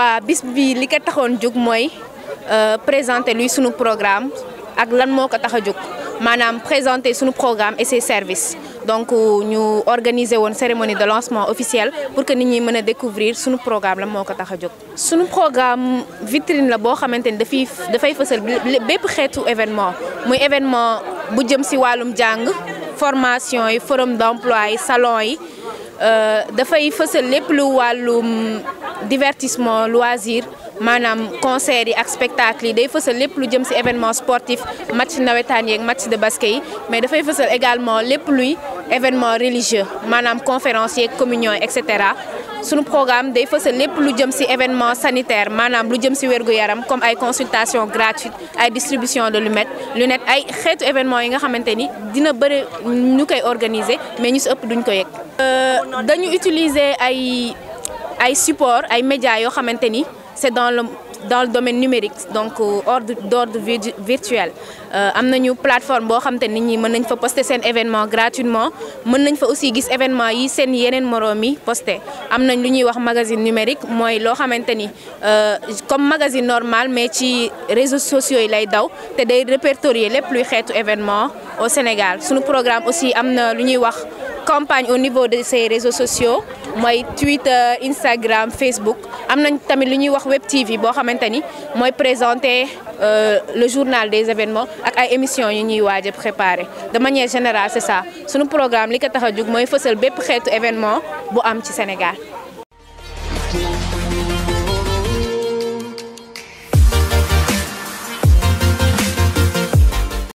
waa bis bi li ko juk moy euh présenter lui sunu programme ak lan moko ko tax a présenter sunu programme et ses services donc euh, ñu organiser une cérémonie de lancement officielle pour que nit ñi mën découvrir sunu programme lan moko ko tax sunu programme vitrine la boo xamante ni dafay dafay fësal bép xétu événement muy événement bu jëm ci walum jang formation yi forum d'emploi y salon yi euh, dafay fësal lépp lu wàllum divertissement loisir manam concert yi ak spectacle yi day fësal lépp lu jëm si événement sportif match nawetaan yeeg match de basket yi mais dafay fësal également lépp luy événement religieux manam conférence yeeg communion et cetera sunu programme day fësal lépp lu jëm si événement sanitaire manam lu jëm si wérgu yaram comme ay consultation gratuite ay distribution de lunettes lunettes ay xeetu événement yi nga xamante ni dina bëri ñu koy organiser mais ñu si ëpp duñ ko yëg euh, dañu utiliser ay ay support ay médias yoo xamante ni c'est dans le dans le domaine numérique donc euh, d'ordre virtuel euh, avons une plateforme pour xam poster ces événement gratuitement Nous avons aussi des événement yi seen yeneen Nous yi poster magazine numérique Moi, un xamante euh, magazine normal mais les réseaux sociaux sont là daw te répertorier les plus événements au Sénégal suñu programme aussi am campagne au niveau de ces réseaux sociaux moy Twitter Instagram Facebook am tamit lu wax web TV bo xamanteni moy présenter euh, le journal des événements ak ay émissions yu ñuy waaj préparer de manière générale c'est ça suñu programme li ko tax a jug mooy fësal événement bu am ci Sénégal.